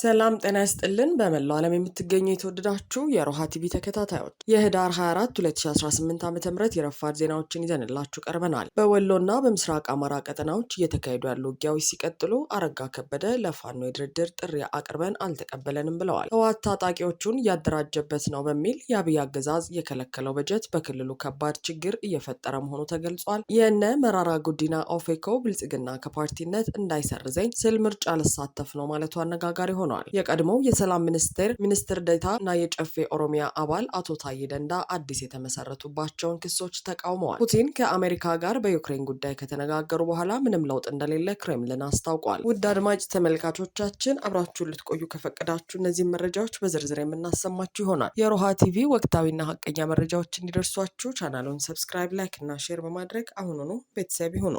ሰላም ጤና ይስጥልን። በመላው ዓለም የምትገኙ የተወደዳችሁ የሮሃ ቲቪ ተከታታዮች የህዳር 24 2018 ዓ ም የረፋድ ዜናዎችን ይዘንላችሁ ቀርበናል። በወሎና በምስራቅ አማራ ቀጠናዎች እየተካሄዱ ያሉ ውጊያዎች ሲቀጥሉ አረጋ ከበደ ለፋኖ የድርድር ጥሪ አቅርበን አልተቀበለንም ብለዋል። ህወሓት ታጣቂዎቹን እያደራጀበት ነው በሚል የአብይ አገዛዝ የከለከለው በጀት በክልሉ ከባድ ችግር እየፈጠረ መሆኑ ተገልጿል። የእነ መራራ ጉዲና ኦፌኮ ብልጽግና ከፓርቲነት እንዳይሰርዘኝ ስል ምርጫ ልሳተፍ ነው ማለቱ አነጋጋሪ ሆኗል። ተናግረዋል። የቀድሞው የሰላም ሚኒስቴር ሚኒስትር ዴኤታ እና የጨፌ ኦሮሚያ አባል አቶ ታዬ ደንዳ አዲስ የተመሰረቱባቸውን ክሶች ተቃውመዋል። ፑቲን ከአሜሪካ ጋር በዩክሬን ጉዳይ ከተነጋገሩ በኋላ ምንም ለውጥ እንደሌለ ክሬምልን አስታውቋል። ውድ አድማጭ ተመልካቾቻችን አብራችሁን ልትቆዩ ከፈቀዳችሁ እነዚህን መረጃዎች በዝርዝር የምናሰማችሁ ይሆናል። የሮሃ ቲቪ ወቅታዊና ሀቀኛ መረጃዎች እንዲደርሷችሁ ቻናሉን ሰብስክራይብ፣ ላይክ እና ሼር በማድረግ አሁኑኑ ቤተሰብ ይሁኑ።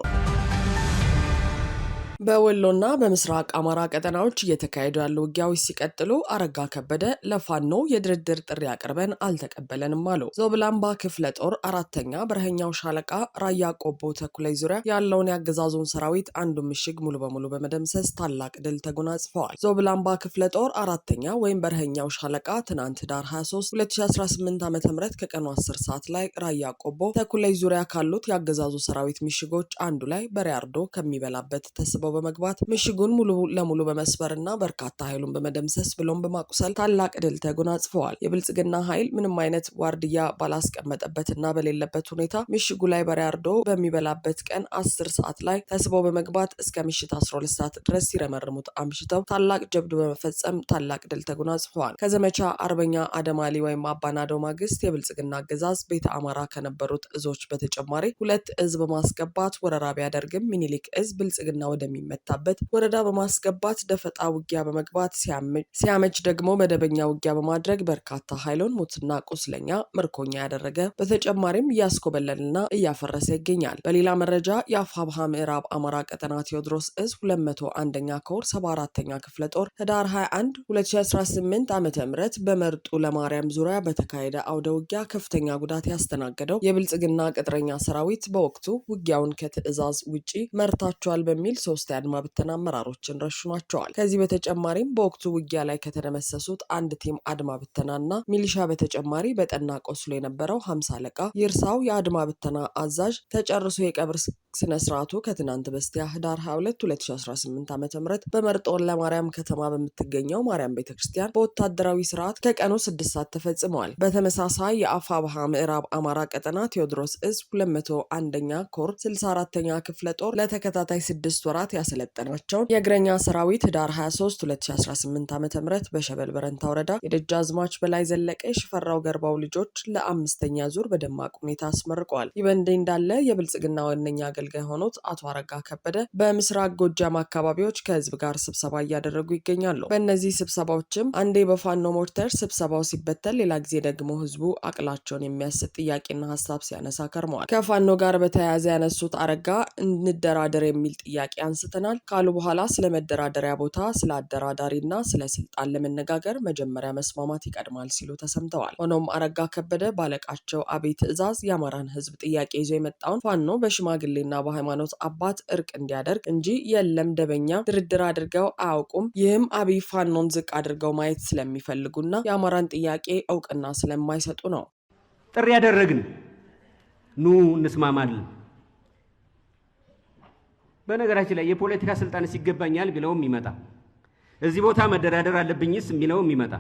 በወሎና በምስራቅ አማራ ቀጠናዎች እየተካሄዱ ያሉ ውጊያዎች ሲቀጥሉ አረጋ ከበደ ለፋኖ የድርድር ጥሪ አቅርበን አልተቀበለንም አሉ። ዞብላምባ ክፍለ ጦር አራተኛ በረሀኛው ሻለቃ ራያ ቆቦ ተኩላይ ዙሪያ ያለውን የአገዛዙን ሰራዊት አንዱ ምሽግ ሙሉ በሙሉ በመደምሰስ ታላቅ ድል ተጎናጽፈዋል። ዞብላምባ ክፍለ ጦር አራተኛ ወይም በረሀኛው ሻለቃ ትናንት ዳር 23 2018 ዓ ም ከቀኑ 10 ሰዓት ላይ ራያ ቆቦ ተኩላይ ዙሪያ ካሉት የአገዛዙ ሰራዊት ምሽጎች አንዱ ላይ በሪያርዶ ከሚበላበት ተስበው ዘልቀው በመግባት ምሽጉን ሙሉ ለሙሉ በመስበርና በርካታ ኃይሉን በመደምሰስ ብሎም በማቁሰል ታላቅ ድል ተጎናጽፈዋል። የብልጽግና ኃይል ምንም አይነት ዋርድያ ባላስቀመጠበትና በሌለበት ሁኔታ ምሽጉ ላይ በሪያርዶ በሚበላበት ቀን አስር ሰዓት ላይ ተስበው በመግባት እስከ ምሽት 12 ሰዓት ድረስ ሲረመርሙት አምሽተው ታላቅ ጀብዱ በመፈጸም ታላቅ ድል ተጎናጽፈዋል። ከዘመቻ አርበኛ አደማሊ ወይም አባናዶ ማግስት የብልጽግና አገዛዝ ቤተ አማራ ከነበሩት እዞች በተጨማሪ ሁለት እዝ በማስገባት ወረራ ቢያደርግም ሚኒሊክ እዝ ብልጽግና ወደሚ ወደሚመታበት ወረዳ በማስገባት ደፈጣ ውጊያ በመግባት ሲያመች ደግሞ መደበኛ ውጊያ በማድረግ በርካታ ኃይሎን ሞትና ቁስለኛ ምርኮኛ ያደረገ በተጨማሪም እያስኮበለልና እያፈረሰ ይገኛል። በሌላ መረጃ የአፋብሃ ምዕራብ አማራ ቀጠና ቴዎድሮስ እዝ 201ኛ ኮር 74ኛ ክፍለ ጦር ህዳር 21 2018 ዓ ም በመርጡ ለማርያም ዙሪያ በተካሄደ አውደ ውጊያ ከፍተኛ ጉዳት ያስተናገደው የብልጽግና ቅጥረኛ ሰራዊት በወቅቱ ውጊያውን ከትዕዛዝ ውጪ መርታቸዋል በሚል ሶስት መንግስት የአድማ ብተና አመራሮችን ረሽኗቸዋል። ከዚህ በተጨማሪም በወቅቱ ውጊያ ላይ ከተደመሰሱት አንድ ቲም አድማ ብተናና ሚሊሻ በተጨማሪ በጠና ቆስሎ የነበረው ሀምሳ አለቃ ይርሳው የአድማ ብተና አዛዥ ተጨርሶ የቀብር ስነ ስርዓቱ ከትናንት በስቲያ ህዳር 22 2018 ዓ ም በመርጦ ለማርያም ከተማ በምትገኘው ማርያም ቤተ ክርስቲያን በወታደራዊ ስርዓት ከቀኑ ስድስት ሰዓት ተፈጽመዋል። በተመሳሳይ የአፋ ባሃ ምዕራብ አማራ ቀጠና ቴዎድሮስ እዝ 201ኛ ኮር 64ኛ ክፍለ ጦር ለተከታታይ ስድስት ወራት ያሰለጠናቸው የእግረኛ ሰራዊት ህዳር 23 2018 ዓ ም በሸበል በረንታ ወረዳ የደጃዝማች በላይ ዘለቀ የሽፈራው ገርባው ልጆች ለአምስተኛ ዙር በደማቅ ሁኔታ አስመርቋል። ይህ በእንዲህ እንዳለ የብልጽግና ዋነኛ አገልጋይ የሆኑት አቶ አረጋ ከበደ በምስራቅ ጎጃም አካባቢዎች ከህዝብ ጋር ስብሰባ እያደረጉ ይገኛሉ። በእነዚህ ስብሰባዎችም አንዴ በፋኖ ሞርተር ስብሰባው ሲበተል፣ ሌላ ጊዜ ደግሞ ህዝቡ አቅላቸውን የሚያስጥ ጥያቄና ሀሳብ ሲያነሳ ከርመዋል። ከፋኖ ጋር በተያያዘ ያነሱት አረጋ እንደራደር የሚል ጥያቄ አንስ አንስተናል ካሉ በኋላ ስለ መደራደሪያ ቦታ፣ ስለ አደራዳሪና ስለ ስልጣን ለመነጋገር መጀመሪያ መስማማት ይቀድማል ሲሉ ተሰምተዋል። ሆኖም አረጋ ከበደ ባለቃቸው አብይ ትዕዛዝ የአማራን ህዝብ ጥያቄ ይዞ የመጣውን ፋኖ በሽማግሌና በሃይማኖት አባት እርቅ እንዲያደርግ እንጂ የለም ደበኛ ድርድር አድርገው አያውቁም። ይህም አብይ ፋኖን ዝቅ አድርገው ማየት ስለሚፈልጉና የአማራን ጥያቄ እውቅና ስለማይሰጡ ነው። ጥሪ ያደረግን ኑ እንስማማለን በነገራችን ላይ የፖለቲካ ስልጣንስ ይገባኛል ቢለውም ይመጣ፣ እዚህ ቦታ መደራደር አለብኝስ ቢለውም ይመጣ።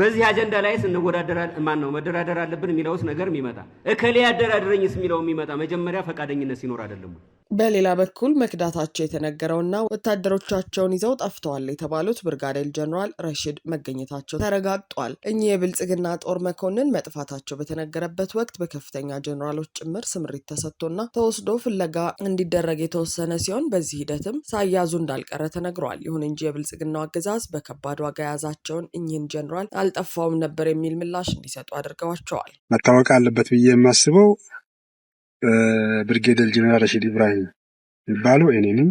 በዚህ አጀንዳ ላይ እንወዳደራ ማን ነው መደራደር አለብን የሚለውስ ነገር የሚመጣ እከሌ ያደራድረኝስ የሚለው የሚመጣ መጀመሪያ ፈቃደኝነት ሲኖር አይደለም። በሌላ በኩል መክዳታቸው የተነገረውና ወታደሮቻቸውን ይዘው ጠፍተዋል የተባሉት ብርጋዴር ጀኔራል ረሽድ መገኘታቸው ተረጋግጧል። እኚህ የብልጽግና ጦር መኮንን መጥፋታቸው በተነገረበት ወቅት በከፍተኛ ጀኔራሎች ጭምር ስምሪት ተሰጥቶና ተወስዶ ፍለጋ እንዲደረግ የተወሰነ ሲሆን በዚህ ሂደትም ሳያዙ እንዳልቀረ ተነግሯል። ይሁን እንጂ የብልጽግናው አገዛዝ በከባድ ዋጋ የያዛቸውን እኚህን ጀኔራል አልጠፋውም ነበር የሚል ምላሽ እንዲሰጡ አድርገዋቸዋል። መታወቅ አለበት ብዬ የማስበው ብርጌደል ጀነራል ረሺድ ኢብራሂም የሚባሉ እኔንም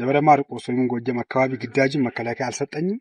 ደብረ ማርቆስ ወይም ጎጀም አካባቢ ግዳጅን መከላከያ አልሰጠኝም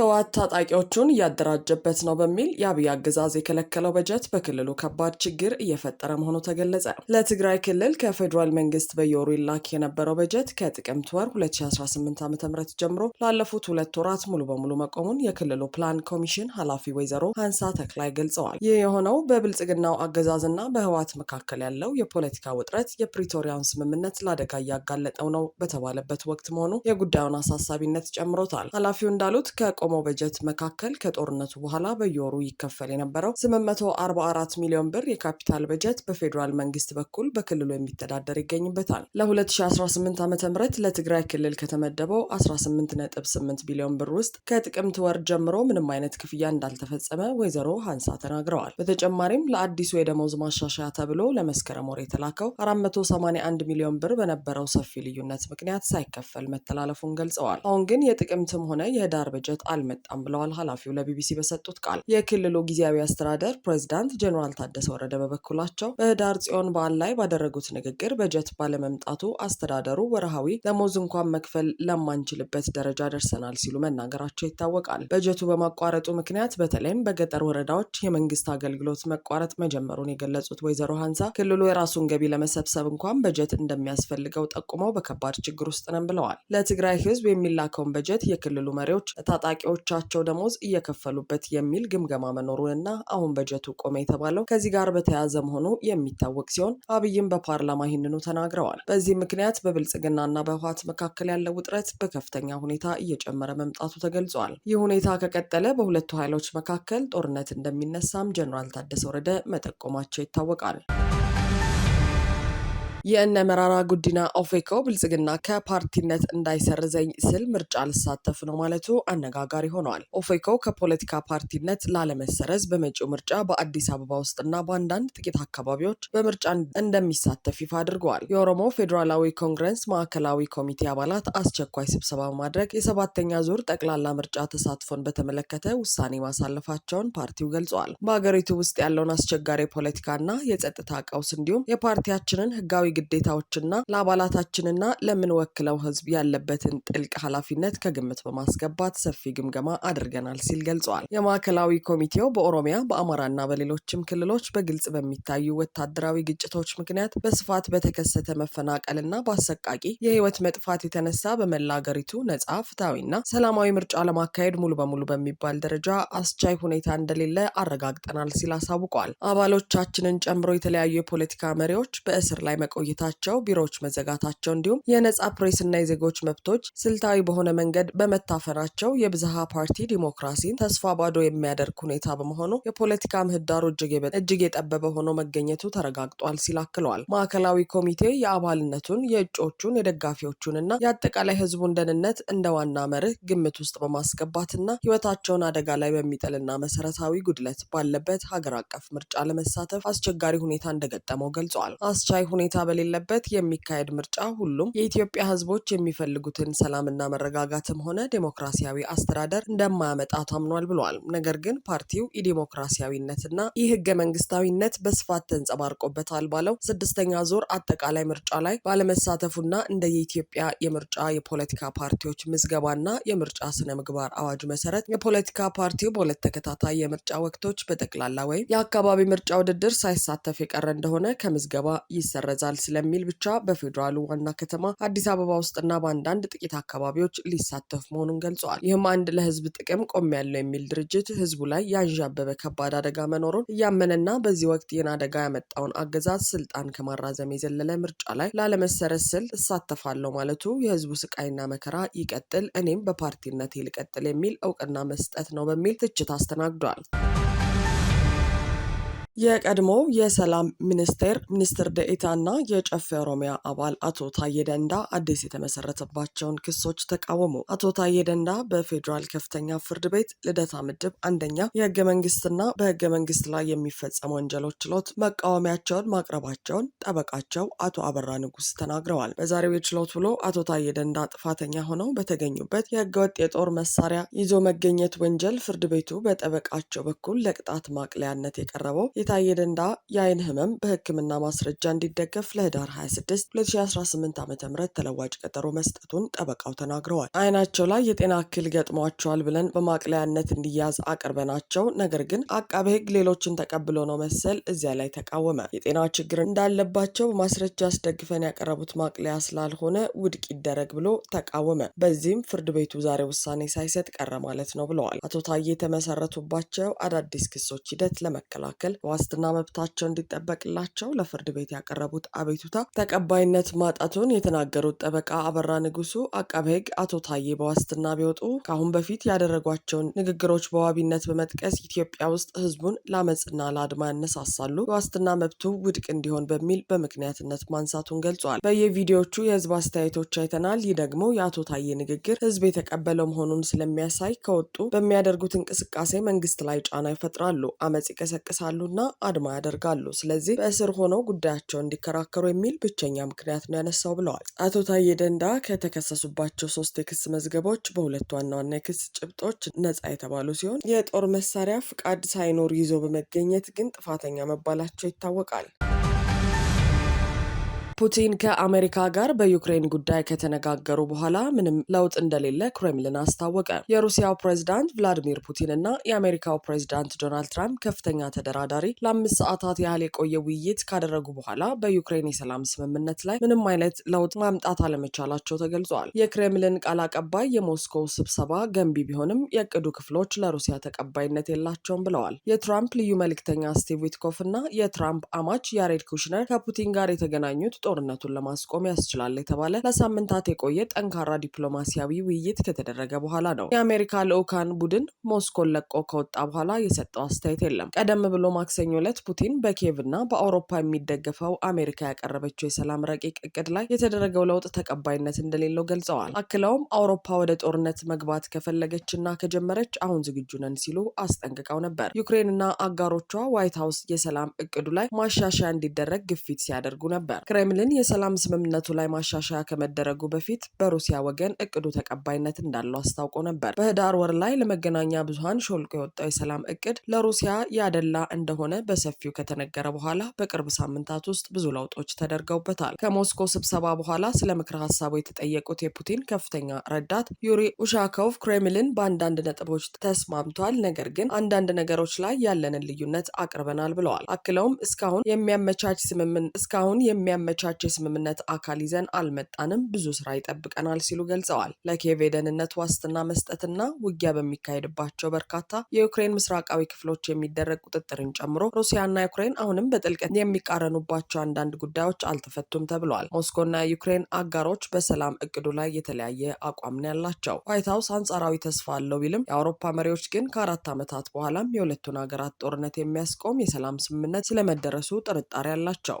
ህወሓት ታጣቂዎቹን እያደራጀበት ነው በሚል የአብይ አገዛዝ የከለከለው በጀት በክልሉ ከባድ ችግር እየፈጠረ መሆኑ ተገለጸ። ለትግራይ ክልል ከፌዴራል መንግስት በየወሩ ይላክ የነበረው በጀት ከጥቅምት ወር 2018 ዓ ም ጀምሮ ላለፉት ሁለት ወራት ሙሉ በሙሉ መቆሙን የክልሉ ፕላን ኮሚሽን ኃላፊ ወይዘሮ ሀንሳ ተክላይ ገልጸዋል። ይህ የሆነው በብልጽግናው አገዛዝና በህወሓት መካከል ያለው የፖለቲካ ውጥረት የፕሪቶሪያውን ስምምነት ለአደጋ እያጋለጠው ነው በተባለበት ወቅት መሆኑ የጉዳዩን አሳሳቢነት ጨምሮታል። ኃላፊው እንዳሉት ከቆ በተጠቆመው በጀት መካከል ከጦርነቱ በኋላ በየወሩ ይከፈል የነበረው 844 ሚሊዮን ብር የካፒታል በጀት በፌዴራል መንግስት በኩል በክልሉ የሚተዳደር ይገኝበታል። ለ2018 ዓ ም ለትግራይ ክልል ከተመደበው 188 ቢሊዮን ብር ውስጥ ከጥቅምት ወር ጀምሮ ምንም አይነት ክፍያ እንዳልተፈጸመ ወይዘሮ ሀንሳ ተናግረዋል። በተጨማሪም ለአዲሱ የደሞዝ ማሻሻያ ተብሎ ለመስከረም ወር የተላከው 481 ሚሊዮን ብር በነበረው ሰፊ ልዩነት ምክንያት ሳይከፈል መተላለፉን ገልጸዋል። አሁን ግን የጥቅምትም ሆነ የህዳር በጀት አልመጣም ብለዋል ኃላፊው ለቢቢሲ በሰጡት ቃል። የክልሉ ጊዜያዊ አስተዳደር ፕሬዚዳንት ጀኔራል ታደሰ ወረደ በበኩላቸው በህዳር ጽዮን በዓል ላይ ባደረጉት ንግግር በጀት ባለመምጣቱ አስተዳደሩ ወርሃዊ ደሞዝ እንኳን መክፈል ለማንችልበት ደረጃ ደርሰናል ሲሉ መናገራቸው ይታወቃል። በጀቱ በማቋረጡ ምክንያት በተለይም በገጠር ወረዳዎች የመንግስት አገልግሎት መቋረጥ መጀመሩን የገለጹት ወይዘሮ ሀንሳ ክልሉ የራሱን ገቢ ለመሰብሰብ እንኳን በጀት እንደሚያስፈልገው ጠቁመው በከባድ ችግር ውስጥ ነን ብለዋል። ለትግራይ ህዝብ የሚላከውን በጀት የክልሉ መሪዎች ታጣቂ ለተጠባባቂዎቻቸው ደሞዝ እየከፈሉበት የሚል ግምገማ መኖሩንና አሁን በጀቱ ቆመ የተባለው ከዚህ ጋር በተያያዘ መሆኑ የሚታወቅ ሲሆን አብይም በፓርላማ ይህንኑ ተናግረዋል። በዚህ ምክንያት በብልጽግናና በህወሓት መካከል ያለው ውጥረት በከፍተኛ ሁኔታ እየጨመረ መምጣቱ ተገልጿል። ይህ ሁኔታ ከቀጠለ በሁለቱ ኃይሎች መካከል ጦርነት እንደሚነሳም ጀኔራል ታደሰ ወረደ መጠቆማቸው ይታወቃል። የእነ መራራ ጉዲና ኦፌኮ ብልጽግና ከፓርቲነት እንዳይሰርዘኝ ስል ምርጫ ልሳተፍ ነው ማለቱ አነጋጋሪ ሆኗል። ኦፌኮ ከፖለቲካ ፓርቲነት ላለመሰረዝ በመጪው ምርጫ በአዲስ አበባ ውስጥና በአንዳንድ ጥቂት አካባቢዎች በምርጫ እንደሚሳተፍ ይፋ አድርገዋል። የኦሮሞ ፌዴራላዊ ኮንግረስ ማዕከላዊ ኮሚቴ አባላት አስቸኳይ ስብሰባ በማድረግ የሰባተኛ ዙር ጠቅላላ ምርጫ ተሳትፎን በተመለከተ ውሳኔ ማሳለፋቸውን ፓርቲው ገልጿል። በሀገሪቱ ውስጥ ያለውን አስቸጋሪ የፖለቲካና የጸጥታ ቀውስ እንዲሁም የፓርቲያችንን ህጋዊ ግዴታዎችና ለአባላታችንና ለምንወክለው ህዝብ ያለበትን ጥልቅ ኃላፊነት ከግምት በማስገባት ሰፊ ግምገማ አድርገናል ሲል ገልጸዋል። የማዕከላዊ ኮሚቴው በኦሮሚያ በአማራና በሌሎችም ክልሎች በግልጽ በሚታዩ ወታደራዊ ግጭቶች ምክንያት በስፋት በተከሰተ መፈናቀልና በአሰቃቂ የህይወት መጥፋት የተነሳ በመላ አገሪቱ ነጻ ፍትሐዊና ሰላማዊ ምርጫ ለማካሄድ ሙሉ በሙሉ በሚባል ደረጃ አስቻይ ሁኔታ እንደሌለ አረጋግጠናል ሲል አሳውቋል። አባሎቻችንን ጨምሮ የተለያዩ የፖለቲካ መሪዎች በእስር ላይ መቆ ቆይታቸው ቢሮዎች መዘጋታቸው እንዲሁም የነጻ ፕሬስና የዜጎች መብቶች ስልታዊ በሆነ መንገድ በመታፈናቸው የብዝሃ ፓርቲ ዲሞክራሲን ተስፋ ባዶ የሚያደርግ ሁኔታ በመሆኑ የፖለቲካ ምህዳሩ እጅግ የጠበበ ሆኖ መገኘቱ ተረጋግጧል ሲል አክለዋል። ማዕከላዊ ኮሚቴ የአባልነቱን የእጩዎቹን የደጋፊዎቹንና የአጠቃላይ ህዝቡን ደህንነት እንደ ዋና መርህ ግምት ውስጥ በማስገባትና ህይወታቸውን አደጋ ላይ በሚጥልና መሰረታዊ ጉድለት ባለበት ሀገር አቀፍ ምርጫ ለመሳተፍ አስቸጋሪ ሁኔታ እንደገጠመው ገልጿል። አስቻይ ሁኔታ በ በሌለበት የሚካሄድ ምርጫ ሁሉም የኢትዮጵያ ህዝቦች የሚፈልጉትን ሰላምና መረጋጋትም ሆነ ዴሞክራሲያዊ አስተዳደር እንደማያመጣ ታምኗል ብለዋል። ነገር ግን ፓርቲው ኢዴሞክራሲያዊነትና ህገ መንግስታዊነት በስፋት ተንጸባርቆበታል ባለው ስድስተኛ ዙር አጠቃላይ ምርጫ ላይ ባለመሳተፉና እንደ የኢትዮጵያ የምርጫ የፖለቲካ ፓርቲዎች ምዝገባና የምርጫ ስነ ምግባር አዋጅ መሰረት የፖለቲካ ፓርቲው በሁለት ተከታታይ የምርጫ ወቅቶች በጠቅላላ ወይም የአካባቢ ምርጫ ውድድር ሳይሳተፍ የቀረ እንደሆነ ከምዝገባ ይሰረዛል ይችላል ስለሚል ብቻ በፌዴራሉ ዋና ከተማ አዲስ አበባ ውስጥና በአንዳንድ ጥቂት አካባቢዎች ሊሳተፍ መሆኑን ገልጸዋል። ይህም አንድ ለህዝብ ጥቅም ቆም ያለው የሚል ድርጅት ህዝቡ ላይ ያንዣበበ ከባድ አደጋ መኖሩን እያመነና በዚህ ወቅት ይህን አደጋ ያመጣውን አገዛዝ ስልጣን ከማራዘም የዘለለ ምርጫ ላይ ላለመሰረት ስል እሳተፋለሁ ማለቱ የህዝቡ ስቃይና መከራ ይቀጥል፣ እኔም በፓርቲነት ልቀጥል የሚል እውቅና መስጠት ነው በሚል ትችት አስተናግዷል። የቀድሞው የሰላም ሚኒስቴር ሚኒስትር ደኤታና የጨፌ ኦሮሚያ አባል አቶ ታዬ ደንዳ አዲስ የተመሰረተባቸውን ክሶች ተቃወሙ። አቶ ታዬ ደንዳ በፌዴራል ከፍተኛ ፍርድ ቤት ልደታ ምድብ አንደኛ የህገ መንግስትና በህገ መንግስት ላይ የሚፈጸሙ ወንጀሎች ችሎት መቃወሚያቸውን ማቅረባቸውን ጠበቃቸው አቶ አበራ ንጉስ ተናግረዋል። በዛሬው የችሎት ውሎ አቶ ታዬ ደንዳ ጥፋተኛ ሆነው በተገኙበት የህገወጥ የጦር መሳሪያ ይዞ መገኘት ወንጀል ፍርድ ቤቱ በጠበቃቸው በኩል ለቅጣት ማቅለያነት የቀረበው የታየ ደንዳ የአይን ህመም በህክምና ማስረጃ እንዲደገፍ ለህዳር 26 2018 ዓ.ም ተለዋጭ ቀጠሮ መስጠቱን ጠበቃው ተናግረዋል። አይናቸው ላይ የጤና እክል ገጥሟቸዋል ብለን በማቅለያነት እንዲያዝ አቅርበናቸው፣ ነገር ግን አቃቤ ህግ ሌሎችን ተቀብሎ ነው መሰል እዚያ ላይ ተቃወመ። የጤና ችግር እንዳለባቸው በማስረጃ አስደግፈን ያቀረቡት ማቅለያ ስላልሆነ ውድቅ ይደረግ ብሎ ተቃወመ። በዚህም ፍርድ ቤቱ ዛሬ ውሳኔ ሳይሰጥ ቀረ ማለት ነው ብለዋል። አቶ ታዬ የተመሰረቱባቸው አዳዲስ ክሶች ሂደት ለመከላከል ዋስትና መብታቸው እንዲጠበቅላቸው ለፍርድ ቤት ያቀረቡት አቤቱታ ተቀባይነት ማጣቱን የተናገሩት ጠበቃ አበራ ንጉሱ አቃቤ ሕግ አቶ ታዬ በዋስትና ቢወጡ ከአሁን በፊት ያደረጓቸውን ንግግሮች በዋቢነት በመጥቀስ ኢትዮጵያ ውስጥ ሕዝቡን ለአመፅና ለአድማ ያነሳሳሉ፣ የዋስትና መብቱ ውድቅ እንዲሆን በሚል በምክንያትነት ማንሳቱን ገልጿል። በየቪዲዮቹ የህዝብ አስተያየቶች አይተናል። ይህ ደግሞ የአቶ ታዬ ንግግር ህዝብ የተቀበለው መሆኑን ስለሚያሳይ ከወጡ በሚያደርጉት እንቅስቃሴ መንግስት ላይ ጫና ይፈጥራሉ፣ አመፅ ይቀሰቅሳሉና አድማ ያደርጋሉ። ስለዚህ በእስር ሆነው ጉዳያቸው እንዲከራከሩ የሚል ብቸኛ ምክንያት ነው ያነሳው ብለዋል። አቶ ታዬ ደንዳ ከተከሰሱባቸው ሶስት የክስ መዝገቦች በሁለት ዋና ዋና የክስ ጭብጦች ነጻ የተባሉ ሲሆን የጦር መሳሪያ ፍቃድ ሳይኖር ይዞ በመገኘት ግን ጥፋተኛ መባላቸው ይታወቃል። ፑቲን ከአሜሪካ ጋር በዩክሬን ጉዳይ ከተነጋገሩ በኋላ ምንም ለውጥ እንደሌለ ክሬምሊን አስታወቀ። የሩሲያው ፕሬዝዳንት ቭላዲሚር ፑቲን እና የአሜሪካው ፕሬዝዳንት ዶናልድ ትራምፕ ከፍተኛ ተደራዳሪ ለአምስት ሰዓታት ያህል የቆየ ውይይት ካደረጉ በኋላ በዩክሬን የሰላም ስምምነት ላይ ምንም አይነት ለውጥ ማምጣት አለመቻላቸው ተገልጿል። የክሬምሊን ቃል አቀባይ የሞስኮው ስብሰባ ገንቢ ቢሆንም የቅዱ ክፍሎች ለሩሲያ ተቀባይነት የላቸውም ብለዋል። የትራምፕ ልዩ መልእክተኛ ስቲቭ ዊትኮፍ እና የትራምፕ አማች ያሬድ ኩሽነር ከፑቲን ጋር የተገናኙት ጦርነቱን ለማስቆም ያስችላል የተባለ ለሳምንታት የቆየ ጠንካራ ዲፕሎማሲያዊ ውይይት ከተደረገ በኋላ ነው። የአሜሪካ ልዑካን ቡድን ሞስኮን ለቆ ከወጣ በኋላ የሰጠው አስተያየት የለም። ቀደም ብሎ ማክሰኞ ዕለት ፑቲን በኪየቭ እና በአውሮፓ የሚደገፈው አሜሪካ ያቀረበችው የሰላም ረቂቅ እቅድ ላይ የተደረገው ለውጥ ተቀባይነት እንደሌለው ገልጸዋል። አክለውም አውሮፓ ወደ ጦርነት መግባት ከፈለገች እና ከጀመረች አሁን ዝግጁ ነን ሲሉ አስጠንቅቀው ነበር። ዩክሬንና አጋሮቿ ዋይት ሀውስ የሰላም እቅዱ ላይ ማሻሻያ እንዲደረግ ግፊት ሲያደርጉ ነበር። ክሬምሊን ክሬምሊን የሰላም ስምምነቱ ላይ ማሻሻያ ከመደረጉ በፊት በሩሲያ ወገን እቅዱ ተቀባይነት እንዳለው አስታውቆ ነበር። በህዳር ወር ላይ ለመገናኛ ብዙሃን ሾልቆ የወጣው የሰላም እቅድ ለሩሲያ ያደላ እንደሆነ በሰፊው ከተነገረ በኋላ በቅርብ ሳምንታት ውስጥ ብዙ ለውጦች ተደርገውበታል። ከሞስኮ ስብሰባ በኋላ ስለ ምክረ ሀሳቡ የተጠየቁት የፑቲን ከፍተኛ ረዳት ዩሪ ኡሻኮቭ ክሬምሊን በአንዳንድ ነጥቦች ተስማምቷል፣ ነገር ግን አንዳንድ ነገሮች ላይ ያለንን ልዩነት አቅርበናል ብለዋል። አክለውም እስካሁን የሚያመቻች ስምምን እስካሁን የሚያመቻ የመጨረሻቸው የስምምነት አካል ይዘን አልመጣንም፣ ብዙ ስራ ይጠብቀናል ሲሉ ገልጸዋል። ለኪየቭ የደህንነት ዋስትና መስጠትና ውጊያ በሚካሄድባቸው በርካታ የዩክሬን ምስራቃዊ ክፍሎች የሚደረግ ቁጥጥርን ጨምሮ ሩሲያና ዩክሬን አሁንም በጥልቀት የሚቃረኑባቸው አንዳንድ ጉዳዮች አልተፈቱም ተብለዋል። ሞስኮና ዩክሬን አጋሮች በሰላም እቅዱ ላይ የተለያየ አቋም ነው ያላቸው። ዋይት ሀውስ አንጻራዊ ተስፋ አለው ቢልም የአውሮፓ መሪዎች ግን ከአራት ዓመታት በኋላም የሁለቱን ሀገራት ጦርነት የሚያስቆም የሰላም ስምምነት ስለመደረሱ ጥርጣሬ አላቸው።